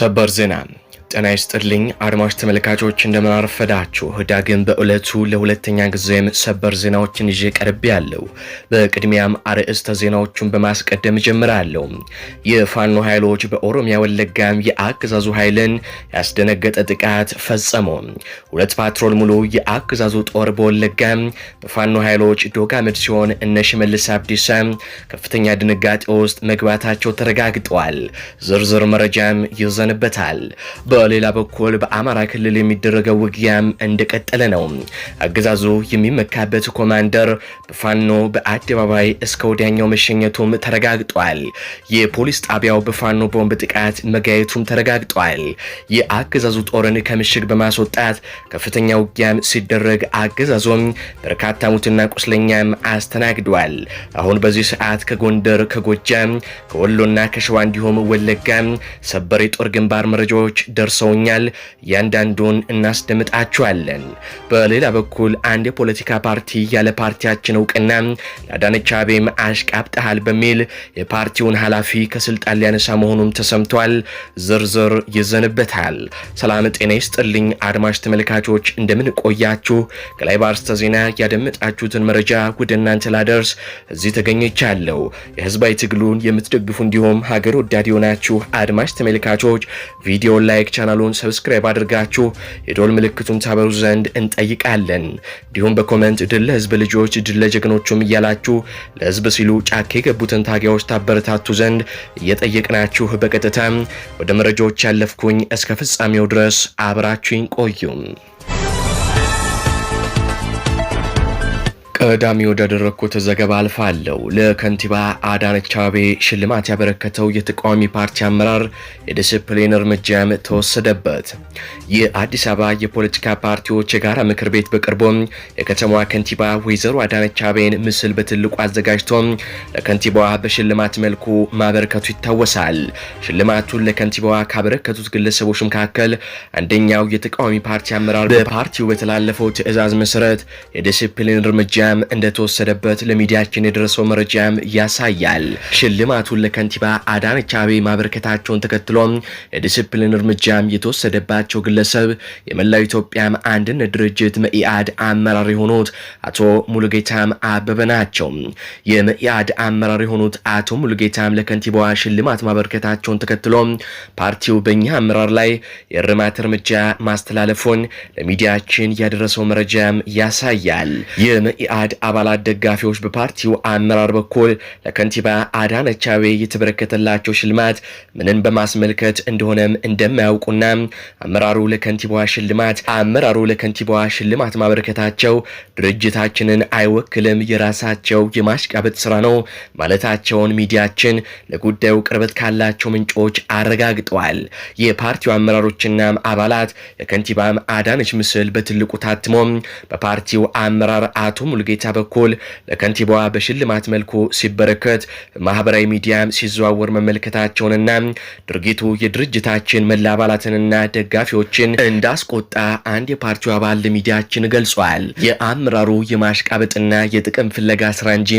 ሰበር ዜና ጤና ይስጥልኝ አድማጭ ተመልካቾች እንደምን አረፈዳችሁ። ዳግም በዕለቱ ለሁለተኛ ጊዜም ሰበር ዜናዎችን ይዤ ቀርብ ያለው። በቅድሚያም አርዕስተ ዜናዎቹን በማስቀደም እጀምራለሁ። የፋኖ ኃይሎች በኦሮሚያ ወለጋም የአገዛዙ ኃይልን ያስደነገጠ ጥቃት ፈጸሙ። ሁለት ፓትሮል ሙሉ የአገዛዙ ጦር በወለጋም በፋኖ ኃይሎች ዶጋምድ ሲሆን እነ ሽመልስ አብዲሳ ከፍተኛ ድንጋጤ ውስጥ መግባታቸው ተረጋግጠዋል። ዝርዝር መረጃም ይዘንበታል። በሌላ በኩል በአማራ ክልል የሚደረገው ውጊያም እንደቀጠለ ነው። አገዛዙ የሚመካበት ኮማንደር በፋኖ በአደባባይ እስከ ወዲያኛው መሸኘቱም ተረጋግጧል። የፖሊስ ጣቢያው በፋኖ ቦምብ ጥቃት መጋየቱም ተረጋግጧል። የአገዛዙ ጦርን ከምሽግ በማስወጣት ከፍተኛ ውጊያም ሲደረግ አገዛዞም በርካታ ሙትና ቁስለኛም አስተናግዷል። አሁን በዚህ ሰዓት ከጎንደር፣ ከጎጃም፣ ከወሎና ከሸዋ እንዲሁም ወለጋ ሰበር የጦር ግንባር መረጃዎች ደር ደርሰውኛል። እያንዳንዱን እናስደምጣችኋለን። በሌላ በኩል አንድ የፖለቲካ ፓርቲ ያለ ፓርቲያችን እውቅና ለአዳነች አቤቤም አሽቃብጠሃል በሚል የፓርቲውን ኃላፊ ከስልጣን ሊያነሳ መሆኑም ተሰምቷል። ዝርዝር ይዘንበታል። ሰላም ጤና ይስጥልኝ አድማጭ ተመልካቾች፣ እንደምንቆያችሁ ከላይ በአርስተ ዜና ያደመጣችሁትን መረጃ ወደ እናንተ ላደርስ እዚህ ተገኝቻለሁ። የህዝባዊ ትግሉን የምትደግፉ እንዲሁም ሀገር ወዳድ የሆናችሁ አድማጭ ተመልካቾች ቪዲዮ ላይክ ቻናሉን ሰብስክራይብ አድርጋችሁ የዶል ምልክቱን ታበሩ ዘንድ እንጠይቃለን። እንዲሁም በኮመንት ድል ለህዝብ ልጆች፣ ድል ለጀግኖቹም እያላችሁ ለህዝብ ሲሉ ጫካ የገቡትን ታጋዮች ታበረታቱ ዘንድ እየጠየቅናችሁ በቀጥታ ወደ መረጃዎች ያለፍኩኝ እስከ ፍጻሜው ድረስ አብራችሁኝ ቆዩም። ቀዳሚ ወዳደረግኩት ዘገባ አልፋለሁ። ለከንቲባ አዳነች አቤቤ ሽልማት ያበረከተው የተቃዋሚ ፓርቲ አመራር የዲስፕሊን እርምጃም ተወሰደበት። የአዲስ አበባ የፖለቲካ ፓርቲዎች የጋራ ምክር ቤት በቅርቡም የከተማዋ ከንቲባ ወይዘሮ አዳነች አቤቤን ምስል በትልቁ አዘጋጅቶ ለከንቲባዋ በሽልማት መልኩ ማበረከቱ ይታወሳል። ሽልማቱን ለከንቲባዋ ካበረከቱት ግለሰቦች መካከል አንደኛው የተቃዋሚ ፓርቲ አመራር በፓርቲው በተላለፈው ትዕዛዝ መሰረት የዲስፕሊን እርምጃ እርምጃም እንደተወሰደበት ለሚዲያችን የደረሰው መረጃም ያሳያል። ሽልማቱን ለከንቲባ አዳነች አቤ ማበረከታቸውን ተከትሎም የዲስፕሊን እርምጃም የተወሰደባቸው ግለሰብ የመላው ኢትዮጵያም አንድነት ድርጅት መኢአድ አመራር የሆኑት አቶ ሙሉጌታም አበበ ናቸው። የመኢአድ አመራር የሆኑት አቶ ሙሉጌታም ለከንቲባዋ ሽልማት ማበረከታቸውን ተከትሎ ፓርቲው በእኛ አመራር ላይ የእርማት እርምጃ ማስተላለፉን ለሚዲያችን ያደረሰው መረጃም ያሳያል። የመኢአ የአድ አባላት ደጋፊዎች በፓርቲው አመራር በኩል ለከንቲባ አዳነች አቤቤ የተበረከተላቸው ሽልማት ምንን በማስመልከት እንደሆነም እንደማያውቁና አመራሩ ለከንቲባዋ ሽልማት አመራሩ ለከንቲባዋ ሽልማት ማበረከታቸው ድርጅታችንን አይወክልም፣ የራሳቸው የማሽቃበጥ ስራ ነው ማለታቸውን ሚዲያችን ለጉዳዩ ቅርበት ካላቸው ምንጮች አረጋግጠዋል። የፓርቲው አመራሮችና አባላት የከንቲባ አዳነች ምስል በትልቁ ታትሞ በፓርቲው አመራር አቶ ሙልጌ ሙሉጌታ በኩል ለከንቲባዋ በሽልማት መልኩ ሲበረከት ማህበራዊ ሚዲያም ሲዘዋወር መመልከታቸውንና ድርጊቱ የድርጅታችን መላ አባላትንና ደጋፊዎችን እንዳስቆጣ አንድ የፓርቲው አባል ለሚዲያችን ገልጿል። የአመራሩ የማሽቃበጥና የጥቅም ፍለጋ ስራ እንጂ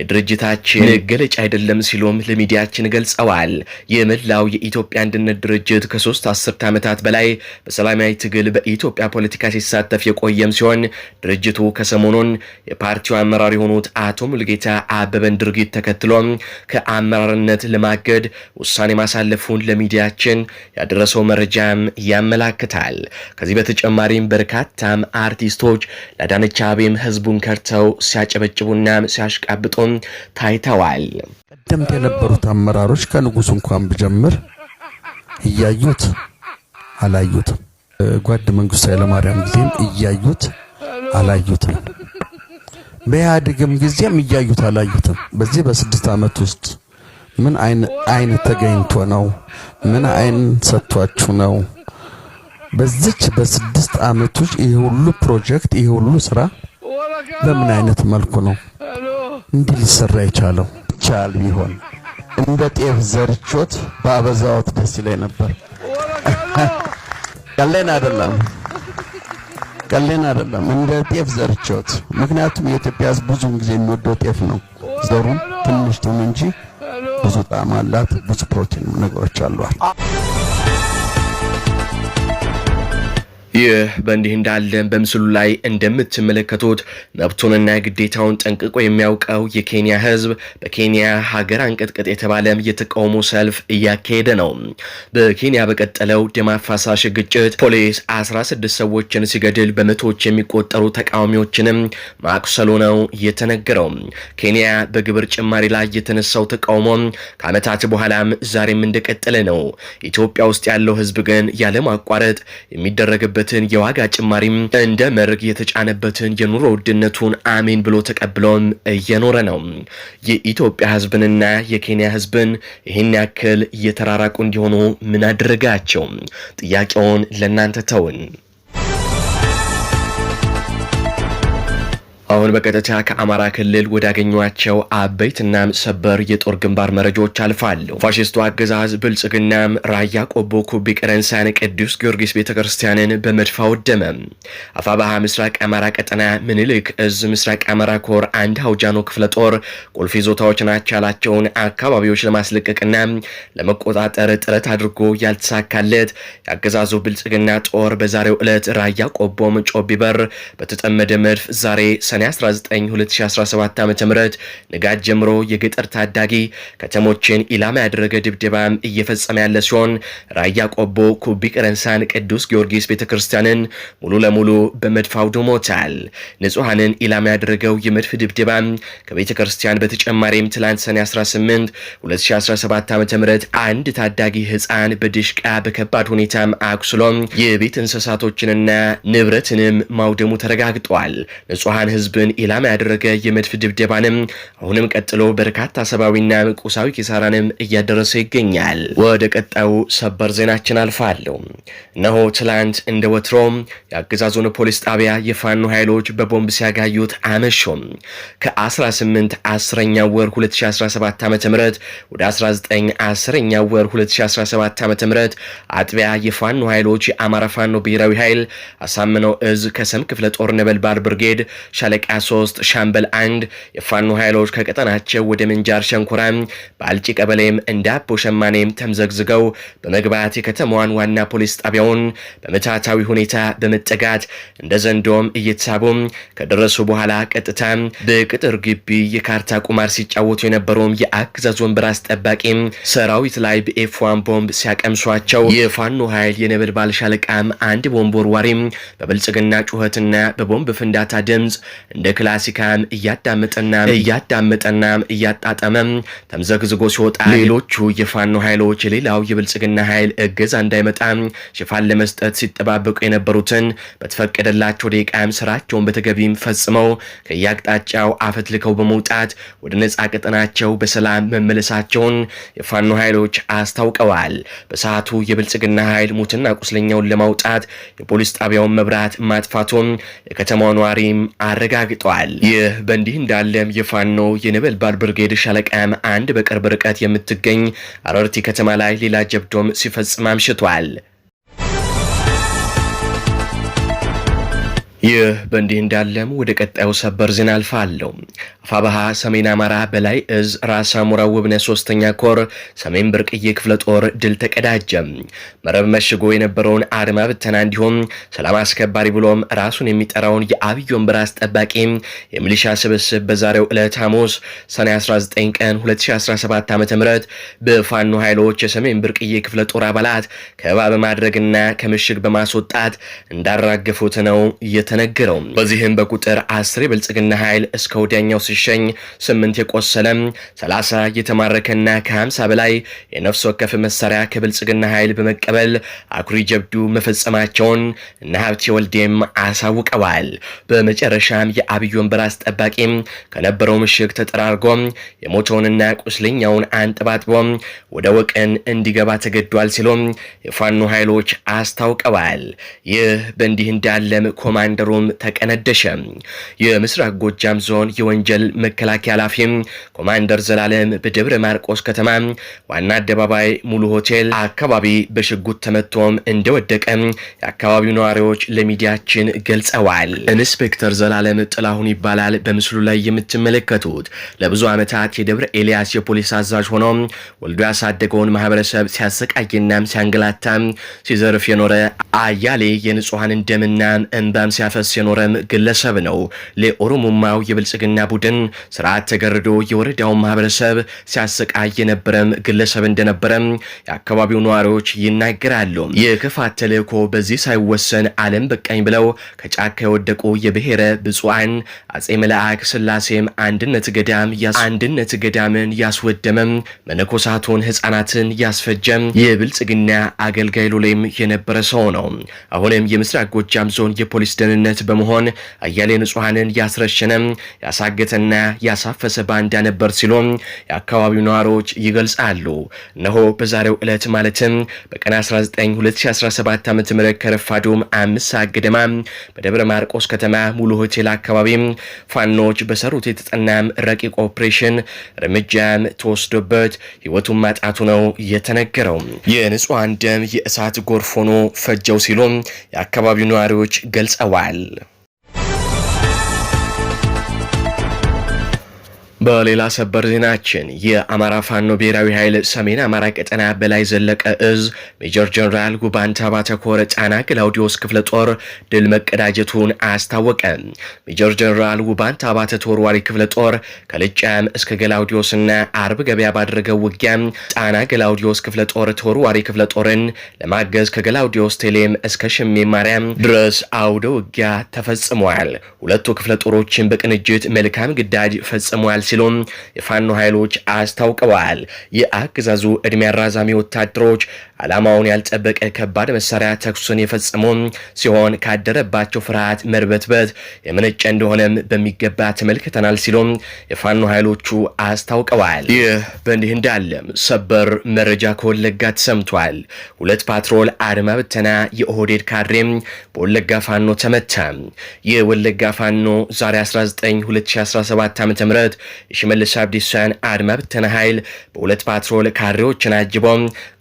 የድርጅታችን መገለጫ አይደለም ሲሉም ለሚዲያችን ገልጸዋል። የመላው የኢትዮጵያ አንድነት ድርጅት ከሶስት አስርት ዓመታት በላይ በሰላማዊ ትግል በኢትዮጵያ ፖለቲካ ሲሳተፍ የቆየም ሲሆን ድርጅቱ ከሰሞኑን የፓርቲው አመራር የሆኑት አቶ ሙልጌታ አበበን ድርጊት ተከትሎ ከአመራርነት ለማገድ ውሳኔ ማሳለፉን ለሚዲያችን ያደረሰው መረጃም ያመላክታል። ከዚህ በተጨማሪም በርካታም አርቲስቶች ለአዳነች አቤም ህዝቡን ከርተው ሲያጨበጭቡና ሲያሽቃብጡም ታይተዋል። ቀደምት የነበሩት አመራሮች ከንጉሱ እንኳን ብጀምር እያዩት አላዩትም። ጓድ መንግስቱ ኃይለማርያም ጊዜም እያዩት አላዩትም። በኢህአዴግም ጊዜም እያዩት አላዩትም። በዚህ በስድስት ዓመት ውስጥ ምን አይን ተገኝቶ ነው? ምን አይን ሰጥቷችሁ ነው? በዚች በስድስት ዓመት ውስጥ ይሄ ሁሉ ፕሮጀክት ይሄ ሁሉ ስራ በምን አይነት መልኩ ነው እንዲህ ሊሰራ የቻለው? ቻል ቢሆን እንደ ጤፍ ዘርቾት በአበዛዎት ደስ ይለኝ ነበር። ቀላል አይደለም። ቀሌን አይደለም እንደ ጤፍ ዘርቼዎት። ምክንያቱም የኢትዮጵያ ሕዝብ ብዙውን ጊዜ የሚወደው ጤፍ ነው። ዘሩም ትንሽ ትሁን እንጂ ብዙ ጣዕም አላት፣ ብዙ ፕሮቲን ነገሮች አሏት። ይህ በእንዲህ እንዳለ በምስሉ ላይ እንደምትመለከቱት መብቱንና ግዴታውን ጠንቅቆ የሚያውቀው የኬንያ ህዝብ በኬንያ ሀገር አንቀጥቀጥ የተባለ የተቃውሞ ሰልፍ እያካሄደ ነው። በኬንያ በቀጠለው ደም አፋሳሽ ግጭት ፖሊስ 16 ሰዎችን ሲገድል በመቶዎች የሚቆጠሩ ተቃዋሚዎችንም ማቁሰሉ ነው የተነገረው። ኬንያ በግብር ጭማሪ ላይ የተነሳው ተቃውሞ ከዓመታት በኋላም ዛሬም እንደቀጠለ ነው። ኢትዮጵያ ውስጥ ያለው ህዝብ ግን ያለማቋረጥ የሚደረግበት የተጫነበትን የዋጋ ጭማሪም እንደ መርግ የተጫነበትን የኑሮ ውድነቱን አሜን ብሎ ተቀብሎም እየኖረ ነው። የኢትዮጵያ ህዝብንና የኬንያ ህዝብን ይህን ያክል እየተራራቁ እንዲሆኑ ምን አደረጋቸው? ጥያቄውን ለእናንተ ተውን። አሁን በቀጥታ ከአማራ ክልል ወዳገኟቸው አበይትና ሰበር የጦር ግንባር መረጃዎች አልፋሉ። ፋሽስቱ አገዛዝ ብልጽግና ራያ ቆቦ ኩቢ ቀረንሳን ቅዱስ ጊዮርጊስ ቤተ ክርስቲያንን በመድፋ ወደመ። አፋባሃ ምስራቅ አማራ ቀጠና ምኒልክ እዝ ምስራቅ አማራ ኮር አንድ አውጃኖ ክፍለ ጦር ቁልፍ ይዞታዎች ናቸው ያላቸውን አካባቢዎች ለማስለቀቅና ለመቆጣጠር ጥረት አድርጎ ያልተሳካለት የአገዛዙ ብልጽግና ጦር በዛሬው ዕለት ራያ ቆቦም ጮቢበር በተጠመደ መድፍ ዛሬ ሰኔ 19 2017 ዓ.ም ንጋት ጀምሮ የገጠር ታዳጊ ከተሞችን ኢላማ ያደረገ ድብደባም እየፈጸመ ያለ ሲሆን ራያ ቆቦ ኩቢ ቅረንሳን ቅዱስ ጊዮርጊስ ቤተክርስቲያንን ሙሉ ለሙሉ በመድፍ አውድሞታል። ንጹሐንን ኢላማ ያደረገው የመድፍ ድብደባ ከቤተ ክርስቲያን በተጨማሪም ትላንት ሰኔ 18 2017 ም አንድ ታዳጊ ህፃን በድሽቃ በከባድ ሁኔታም አቁስሎም የቤት እንስሳቶችንና ንብረትንም ማውደሙ ተረጋግጧል። ንጹሐን ህዝብ ህዝብን ኢላማ ያደረገ የመድፍ ድብደባንም አሁንም ቀጥሎ በርካታ ሰብአዊና ቁሳዊ ኪሳራንም እያደረሰ ይገኛል። ወደ ቀጣዩ ሰበር ዜናችን አልፋለሁ። እነሆ ትላንት እንደ ወትሮም የአገዛዙን ፖሊስ ጣቢያ የፋኖ ኃይሎች በቦምብ ሲያጋዩት አመሾም ከ18 10ኛ ወር 2017 ዓ ም ወደ 19 10ኛ ወር 2017 ዓ ም አጥቢያ የፋኖ ኃይሎች የአማራ ፋኖ ብሔራዊ ኃይል አሳምነው እዝ ከሰም ክፍለ ጦር ነበልባል ብርጌድ ሻለ ሻለቃ 3 ሻምበል አንድ የፋኖ ኃይሎች ከቀጠናቸው ወደ ምንጃር ሸንኮራም በአልጭ ቀበሌም እንደ አቦ ሸማኔም ተምዘግዝገው በመግባት የከተማዋን ዋና ፖሊስ ጣቢያውን በመታታዊ ሁኔታ በመጠጋት እንደ ዘንዶም እየተሳቡ ከደረሱ በኋላ ቀጥታ በቅጥር ግቢ የካርታ ቁማር ሲጫወቱ የነበረውም የአገዛዝ ወንበር አስጠባቂ ሰራዊት ላይ በኤፍዋን ቦምብ ሲያቀምሷቸው የፋኖ ኃይል የነበልባል ሻለቃም አንድ ቦምብ ወርዋሪም በብልጽግና ጩኸትና በቦምብ ፍንዳታ ድምፅ እንደ ክላሲካን እያዳመጠና እያዳመጠና እያጣጠመ ተምዘግዝጎ ሲወጣ ሌሎቹ የፋኖ ኃይሎች የሌላው የብልጽግና ኃይል እገዛ እንዳይመጣ ሽፋን ለመስጠት ሲጠባበቁ የነበሩትን በተፈቀደላቸው ደቂቃም ስራቸውን በተገቢም ፈጽመው ከየአቅጣጫው አፈትልከው በመውጣት ወደ ነጻ ቀጠናቸው በሰላም መመለሳቸውን የፋኖ ኃይሎች አስታውቀዋል። በሰዓቱ የብልጽግና ኃይል ሙትና ቁስለኛውን ለማውጣት የፖሊስ ጣቢያውን መብራት ማጥፋቱን የከተማው ነዋሪም አረጋ አረጋግጧል። ይህ በእንዲህ እንዳለም የፋኖ የነበልባል ብርጌድ ሻለቃም አንድ በቅርብ ርቀት የምትገኝ አረርቲ ከተማ ላይ ሌላ ጀብዶም ሲፈጽም አምሽቷል። ይህ በእንዲህ እንዳለም ወደ ቀጣዩ ሰበር ዜና አልፋለሁ። አፋባሃ ሰሜን አማራ በላይ እዝ ራስ አሞራ ውብነ ሶስተኛ ኮር ሰሜን ብርቅዬ ክፍለ ጦር ድል ተቀዳጀ። መረብ መሽጎ የነበረውን አድማ ብተና እንዲሁም ሰላም አስከባሪ ብሎም ራሱን የሚጠራውን የአብይ ወንበር አስጠባቂ የሚሊሻ ስብስብ በዛሬው ዕለት ሐሙስ ሰኔ 19 ቀን 2017 ዓ ም በፋኖ ኃይሎች የሰሜን ብርቅዬ ክፍለ ጦር አባላት ከበባ በማድረግና ከምሽግ በማስወጣት እንዳራገፉት ነው የተነገረው። በዚህም በቁጥር አስር የብልጽግና ኃይል እስከ ወዲያኛው ሲሸኝ ስምንት የቆሰለም ሰላሳ የተማረከና ከ50 በላይ የነፍስ ወከፍ መሳሪያ ከብልጽግና ኃይል በመቀበል አኩሪ ጀብዱ መፈጸማቸውን እነ ሀብቴ ወልዴም አሳውቀዋል። በመጨረሻም የአብይ ወንበር አስጠባቂ ከነበረው ምሽግ ተጠራርጎ የሞተውንና ቁስለኛውን አንጠባጥቦ ወደ ወቅን እንዲገባ ተገዷል ሲሉ የፋኖ ኃይሎች አስታውቀዋል። ይህ በእንዲህ እንዳለም ኮማንዶ መንደሩም ተቀነደሸ። የምስራቅ ጎጃም ዞን የወንጀል መከላከያ ኃላፊም ኮማንደር ዘላለም በደብረ ማርቆስ ከተማ ዋና አደባባይ ሙሉ ሆቴል አካባቢ በሽጉጥ ተመቶም እንደወደቀ የአካባቢው ነዋሪዎች ለሚዲያችን ገልጸዋል። ኢንስፔክተር ዘላለም ጥላሁን ይባላል። በምስሉ ላይ የምትመለከቱት ለብዙ ዓመታት የደብረ ኤልያስ የፖሊስ አዛዥ ሆኖ ወልዶ ያሳደገውን ማህበረሰብ ሲያሰቃይና ሲያንገላታ ሲዘርፍ የኖረ አያሌ የንጹሐን ደምና እንባም ሲያ ሲናፈስ የኖረም ግለሰብ ነው። ለኦሮሞማው የብልጽግና ቡድን ስርዓት ተገርዶ የወረዳውን ማህበረሰብ ሲያሰቃይ የነበረም ግለሰብ እንደነበረም የአካባቢው ነዋሪዎች ይናገራሉ። የክፋት ተልእኮ በዚህ ሳይወሰን ዓለም በቃኝ ብለው ከጫካ የወደቁ የብሔረ ብፁዓን አጼ መልአክ ስላሴም አንድነት ገዳም አንድነት ገዳምን ያስወደመም መነኮሳቱን ህፃናትን ያስፈጀም የብልጽግና አገልጋይ ሎሌም የነበረ ሰው ነው። አሁንም የምስራቅ ጎጃም ዞን የፖሊስ ደህንነት አጋርነት በመሆን አያሌ ንጹሐንን ያስረሸነ ያሳገተና ያሳፈሰ ባንዳ ነበር ሲሉ የአካባቢው ነዋሪዎች ይገልጻሉ። እነሆ በዛሬው ዕለት ማለትም በቀን 19 2017 ዓ ም ከረፋዱም አምስት ሰዓት ገደማ በደብረ ማርቆስ ከተማ ሙሉ ሆቴል አካባቢ ፋኖች በሰሩት የተጠናም ረቂቅ ኦፕሬሽን እርምጃም ተወስዶበት ህይወቱን ማጣቱ ነው የተነገረው። የንጹሐን ደም የእሳት ጎርፍ ሆኖ ፈጀው ሲሉ የአካባቢው ነዋሪዎች ገልጸዋል። حل በሌላ ሰበር ዜናችን የአማራ ፋኖ ብሔራዊ ኃይል ሰሜን አማራ ቀጠና በላይ ዘለቀ እዝ ሜጀር ጀኔራል ጉባንታ ታባተ ኮር ጣና ግላውዲዮስ ክፍለ ጦር ድል መቀዳጀቱን አስታወቀ። ሜጀር ጀኔራል ጉባንታ ታባተ ዋሪ ክፍለ ጦር ከልጫም እስከ ገላውዲዮስና አርብ ገበያ ባደረገው ውጊያ ጣና ገላውዲዮስ ክፍለ ጦር ተወርዋሪ ክፍለ ጦርን ለማገዝ ከገላውዲዮስ ቴሌም እስከ ሽሜ ማርያም ድረስ አውደ ውጊያ ተፈጽሟል። ሁለቱ ክፍለ ጦሮችን በቅንጅት መልካም ግዳጅ ፈጽሟል ሲሉም የፋኖ ኃይሎች አስታውቀዋል። የአገዛዙ ዕድሜ አራዛሚ ወታደሮች ዓላማውን ያልጠበቀ ከባድ መሳሪያ ተኩስን የፈጸሙ ሲሆን ካደረባቸው ፍርሃት መርበትበት የመነጨ እንደሆነም በሚገባ ተመልክተናል ሲሉም የፋኖ ኃይሎቹ አስታውቀዋል። ይህ በእንዲህ እንዳለም ሰበር መረጃ ከወለጋ ተሰምቷል። ሁለት ፓትሮል አድማ ብተና የኦህዴድ ካድሬም በወለጋ ፋኖ ተመታ። የወለጋ ፋኖ ዛሬ 19 2017 ዓ ም የሽመልስ አብዲሳን አድማ ብተና ኃይል በሁለት ፓትሮል ካሬዎችን አጅቦ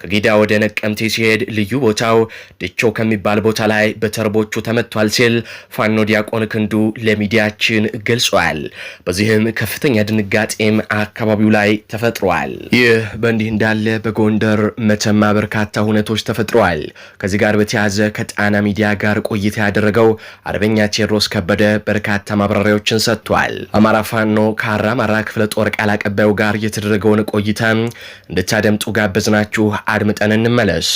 ከጊዳ ወደ ነቀምቴ ሲሄድ ልዩ ቦታው ድቾ ከሚባል ቦታ ላይ በተርቦቹ ተመቷል ሲል ፋኖ ዲያቆን ክንዱ ለሚዲያችን ገልጿል። በዚህም ከፍተኛ ድንጋጤም አካባቢው ላይ ተፈጥሯል። ይህ በእንዲህ እንዳለ በጎንደር መተማ በርካታ ሁነቶች ተፈጥረዋል። ከዚህ ጋር በተያያዘ ከጣና ሚዲያ ጋር ቆይታ ያደረገው አርበኛ ቴዎድሮስ ከበደ በርካታ ማብራሪያዎችን ሰጥቷል። አማራ ፋኖ ከአራማራ ክፍለ ጦር ቃል አቀባዩ ጋር የተደረገውን ቆይታ እንድታደምጡ ጋበዝናችሁ። አድምጠን እንመለስ።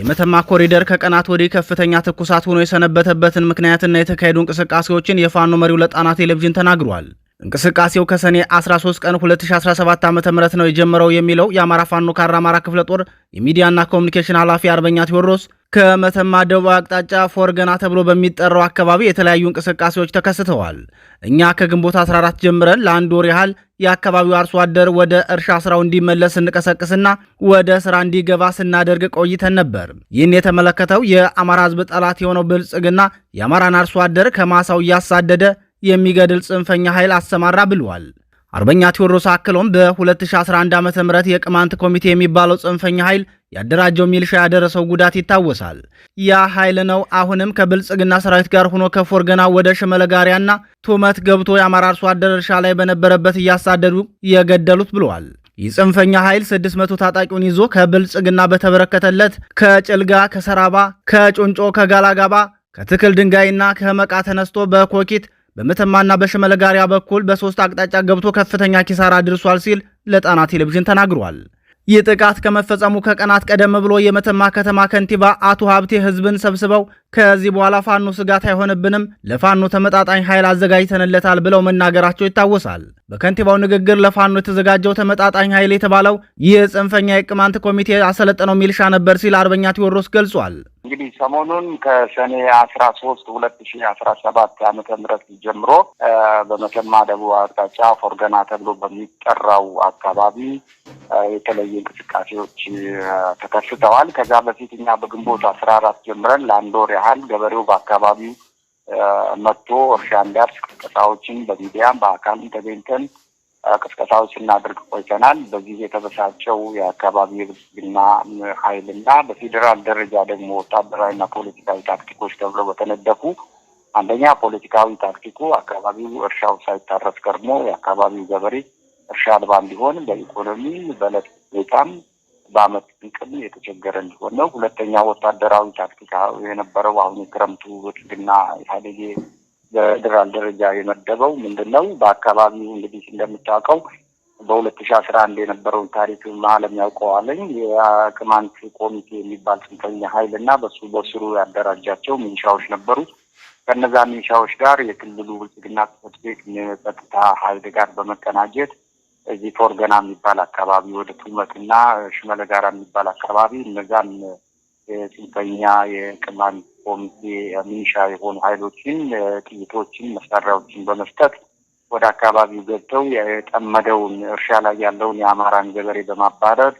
የመተማ ኮሪደር ከቀናት ወዲህ ከፍተኛ ትኩሳት ሆኖ የሰነበተበትን ምክንያትና የተካሄዱ እንቅስቃሴዎችን የፋኖ መሪው ለጣና ቴሌቪዥን ተናግሯል። እንቅስቃሴው ከሰኔ 13 ቀን 2017 ዓ ም ነው የጀመረው የሚለው የአማራ ፋኖ ካራ አማራ ክፍለ ጦር የሚዲያና ኮሚኒኬሽን ኃላፊ አርበኛ ቴዎድሮስ ከመተማ ደቡብ አቅጣጫ ፎርገና ተብሎ በሚጠራው አካባቢ የተለያዩ እንቅስቃሴዎች ተከስተዋል። እኛ ከግንቦት 14 ጀምረን ለአንድ ወር ያህል የአካባቢው አርሶ አደር ወደ እርሻ ስራው እንዲመለስ ስንቀሰቅስና ወደ ስራ እንዲገባ ስናደርግ ቆይተን ነበር። ይህን የተመለከተው የአማራ ህዝብ ጠላት የሆነው ብልጽግና የአማራን አርሶ አደር ከማሳው እያሳደደ የሚገድል ጽንፈኛ ኃይል አሰማራ ብሏል። አርበኛ ቴዎድሮስ አክሎም በ2011 ዓ ም የቅማንት ኮሚቴ የሚባለው ጽንፈኛ ኃይል ያደራጀው ሚልሻ ያደረሰው ጉዳት ይታወሳል። ያ ኃይል ነው አሁንም ከብልጽግና ሰራዊት ጋር ሆኖ ከፎርገና ወደ ሽመለጋሪያና ቱመት ገብቶ የአማራ አርሶ አደር እርሻ ላይ በነበረበት እያሳደዱ የገደሉት ብለዋል። ይህ ጽንፈኛ ኃይል 600 ታጣቂውን ይዞ ከብልጽግና በተበረከተለት ከጭልጋ፣ ከሰራባ፣ ከጩንጮ፣ ከጋላጋባ፣ ከትክል ድንጋይና ከመቃ ተነስቶ በኮኪት በመተማና በሸመለጋሪያ በኩል በሶስት አቅጣጫ ገብቶ ከፍተኛ ኪሳራ አድርሷል ሲል ለጣና ቴሌቪዥን ተናግሯል። ይህ ጥቃት ከመፈጸሙ ከቀናት ቀደም ብሎ የመተማ ከተማ ከንቲባ አቶ ሀብቴ ህዝብን ሰብስበው ከዚህ በኋላ ፋኖ ስጋት አይሆንብንም፣ ለፋኖ ተመጣጣኝ ኃይል አዘጋጅተንለታል ብለው መናገራቸው ይታወሳል። በከንቲባው ንግግር ለፋኖ የተዘጋጀው ተመጣጣኝ ኃይል የተባለው ይህ የጽንፈኛ የቅማንት ኮሚቴ አሰለጠነው ሚልሻ ነበር ሲል አርበኛ ቴዎድሮስ ገልጿል። እንግዲህ ሰሞኑን ከሰኔ አስራ ሶስት ሁለት ሺ አስራ ሰባት አመተ ምህረት ጀምሮ በመተማ ደቡብ አቅጣጫ ፎርገና ተብሎ በሚጠራው አካባቢ የተለየ እንቅስቃሴዎች ተከስተዋል። ከዛ በፊት እኛ በግንቦት አስራ አራት ጀምረን ለአንድ ወር ያህል ገበሬው በአካባቢው መጥቶ እርሻ እንዲያርስ ቅስቀሳዎችን በሚዲያም በአካልም ተገኝተን ቅስቀሳዎች ስናደርግ ቆይተናል። በዚህ የተበሳጨው የአካባቢ የብልጽግና ኃይልና በፌዴራል ደረጃ ደግሞ ወታደራዊና ፖለቲካዊ ታክቲኮች ተብለው በተነደፉ አንደኛ ፖለቲካዊ ታክቲኩ አካባቢው እርሻው ሳይታረስ ቀድሞ የአካባቢው ገበሬ እርሻ አልባ እንዲሆን በኢኮኖሚ በለት ሁኔታም በአመት ጥቅም የተቸገረ እንዲሆን ነው። ሁለተኛ ወታደራዊ ታክቲካ የነበረው አሁን የክረምቱ ብልጽግና ኢህአዴግ በፌደራል ደረጃ የመደበው ምንድን ነው? በአካባቢው እንግዲህ እንደምታውቀው በሁለት ሺ አስራ አንድ የነበረውን ታሪክ ዓለም ያውቀዋለኝ የቅማንት ኮሚቴ የሚባል ጽንፈኛ ሀይል እና በሱ በስሩ ያደራጃቸው ሚንሻዎች ነበሩ። ከነዛ ሚንሻዎች ጋር የክልሉ ብልጽግና ጽሕፈት ቤት የጸጥታ ሀይል ጋር በመቀናጀት እዚህ ቶርገና የሚባል አካባቢ ወደ ቱመትና ሽመለ ጋራ የሚባል አካባቢ እነዛን የጽንፈኛ የቅማን ኮሚቴ ሚኒሻ የሆኑ ኃይሎችን ጥይቶችን፣ መሳሪያዎችን በመስጠት ወደ አካባቢው ገብተው የጠመደውን እርሻ ላይ ያለውን የአማራን ገበሬ በማባረር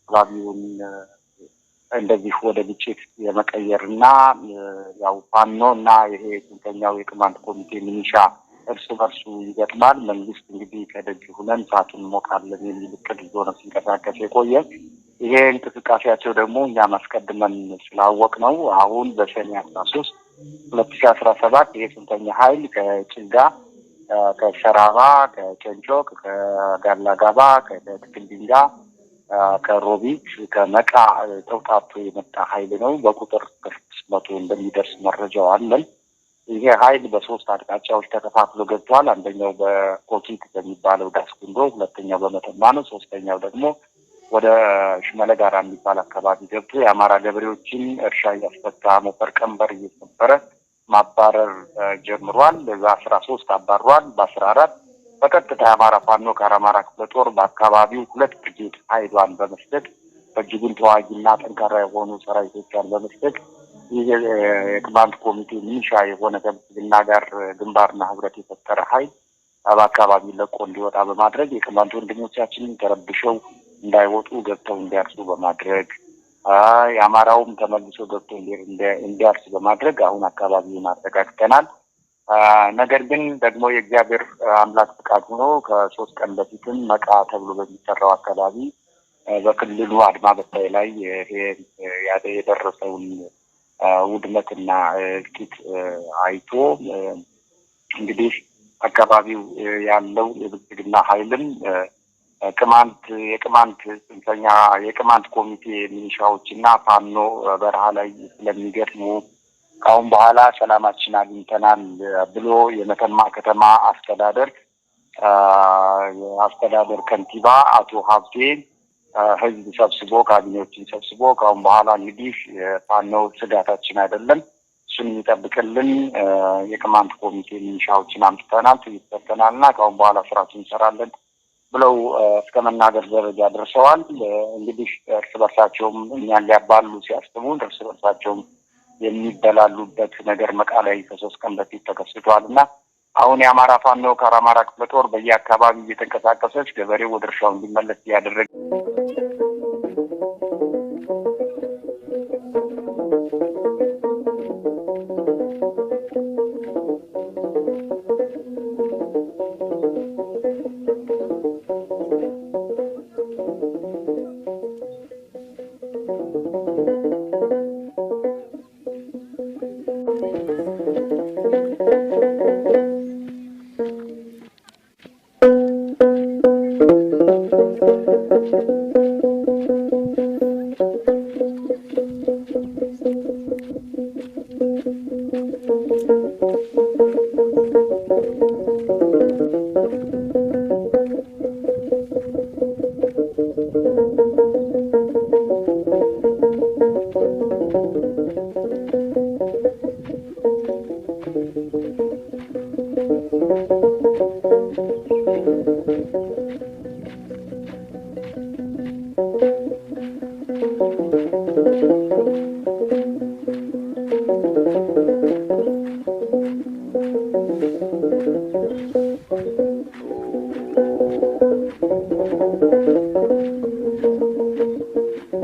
አካባቢውን እንደዚህ ወደ ግጭት የመቀየር እና ያው ፋኖ እና ይሄ ጽንፈኛው የቅማንት ኮሚቴ ሚኒሻ እርስ በርሱ ይገጥማል። መንግስት እንግዲህ ከደጅ ሁነን እሳቱን እንሞቃለን የሚል እቅድ ይዞ ነው ሲንቀሳቀስ የቆየ። ይሄ እንቅስቃሴያቸው ደግሞ እኛ አስቀድመን ስላወቅ ነው አሁን በሰኔ አስራ ሶስት ሁለት ሺ አስራ ሰባት ይሄ ስንተኛ ሀይል ከጭልጋ ከሸራባ፣ ከጨንጮቅ፣ ከጋላጋባ፣ ከትክል ድንጋ፣ ከሮቢት፣ ከመቃ ተውጣቶ የመጣ ሀይል ነው። በቁጥር ከስድስት መቶ እንደሚደርስ መረጃው አለን። ይሄ ኃይል በሶስት አቅጣጫዎች ተከፋፍሎ ገብቷል። አንደኛው በኮኪት በሚባለው ዳስኩንዶ፣ ሁለተኛው በመተማ ነው። ሶስተኛው ደግሞ ወደ ሽመለ ጋራ የሚባል አካባቢ ገብቶ የአማራ ገበሬዎችን እርሻ እያስፈታ ሞፈር ቀንበር እየሰበረ ማባረር ጀምሯል። በዛ አስራ ሶስት አባሯል። በአስራ አራት በቀጥታ የአማራ ፋኖ ከአማራ ክፍለ ጦር በአካባቢው ሁለት ብርጌድ ኃይሏን በመስደድ በእጅጉን ተዋጊና ጠንካራ የሆኑ ሰራዊቶቿን በመስደድ ይህ የቅማንት ኮሚቴ ሚኒሻ የሆነ ከብልጽግና ጋር ግንባርና ህብረት የፈጠረ ኃይል በአካባቢ ለቆ እንዲወጣ በማድረግ የቅማንት ወንድሞቻችንን ተረብሸው እንዳይወጡ ገብተው እንዲያርሱ በማድረግ የአማራውም ተመልሶ ገብቶ እንዲያርስ በማድረግ አሁን አካባቢውን አረጋግተናል። ነገር ግን ደግሞ የእግዚአብሔር አምላክ ፍቃድ ሆኖ ከሶስት ቀን በፊትም መቃ ተብሎ በሚጠራው አካባቢ በክልሉ አድማ በታይ ላይ የደረሰውን ውድመትና እልቂት አይቶ እንግዲህ አካባቢው ያለው የብልጽግና ኃይልም ቅማንት የቅማንት ጽንፈኛ የቅማንት ኮሚቴ ሚኒሻዎች እና ፋኖ በረሃ ላይ ስለሚገጥሙ ከአሁን በኋላ ሰላማችን አግኝተናል ብሎ የመተማ ከተማ አስተዳደር አስተዳደር ከንቲባ አቶ ሀብቴ ህዝብ ሰብስቦ ካቢኔዎችን ሰብስቦ ከአሁን በኋላ እንግዲህ ፋኖ ስጋታችን አይደለም፣ እሱን የሚጠብቅልን የቅማንት ኮሚቴ ሚኒሻዎችን አምጥተናል፣ ትይት እና ከአሁን በኋላ ስራችን እንሰራለን ብለው እስከ መናገር ደረጃ ደርሰዋል። እንግዲህ እርስ በርሳቸውም እኛን ሊያባሉ ሲያስቡን እርስ በርሳቸውም የሚበላሉበት ነገር መቃ ከሶስት ቀን በፊት ተከስቷል እና አሁን የአማራ ፋኖ ከአማራ ክፍለ ጦር በየአካባቢው እየተንቀሳቀሰች ገበሬው ወደ እርሻው እንዲመለስ እያደረገ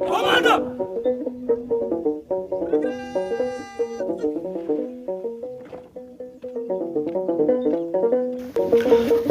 お前だ